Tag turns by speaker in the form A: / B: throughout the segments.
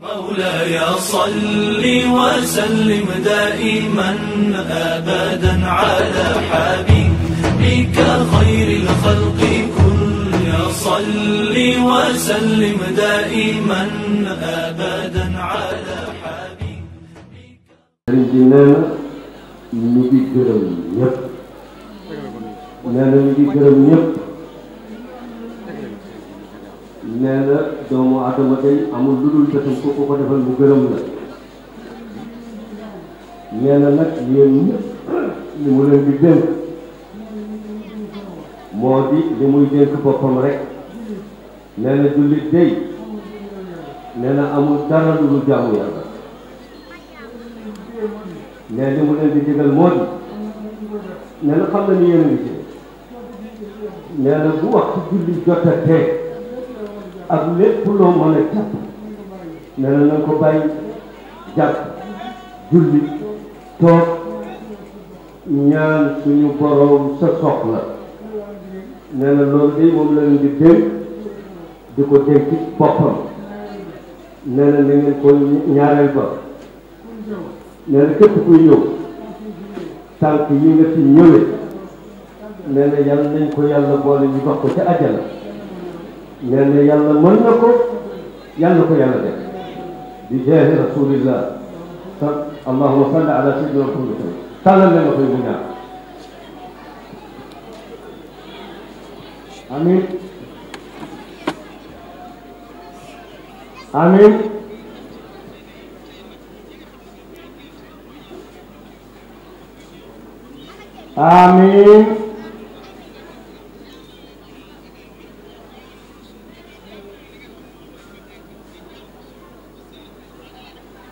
A: مولاي صل وسلم دائما ابدا على حبيبك خير الخلق كل صل وسلم دائما ابدا على
B: حبيبك nee na doomu aadama day amul lu dul bëtam ku ko ko mu gërëm la nee na nag yéen ñëpp li mu leen di dénk moo di li muy dénk boppam rek nee na amul dara lu dul jaamu yàlla nee li mu leen di digal moo di nee na xam na ni yéen a ngi ci nee na bu waxtu julli jotatee ak lépp loo mën a jàpp nee na ko bàyyi jàpp julli toog ñaan suñu boroom sa soxla nee na loolu day moom lañ di dénk di ko dénk boppam nee na ko ñaareel ba nee képp kuy ñëw tànk yi nga fi ñëwee nee na nañ ko yàlla boole ñu dox ko ca àjjana nee na yàlla mën na ko yàlla na ko yàlla def bi jaahi rasulillah sa allahuma salli ala sayyidina muhammad tàllal leen koy mu ñaan amin amin amin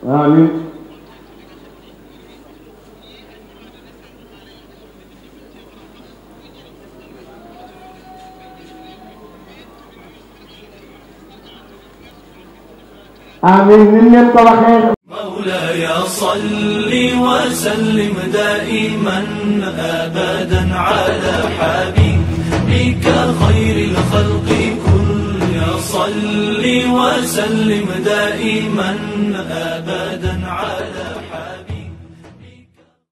B: آمين
A: آمين
C: من ينطلق خير
A: مولاي صل وسلم دائما أبدا على حبيبك خير وسلم دائما أبدا على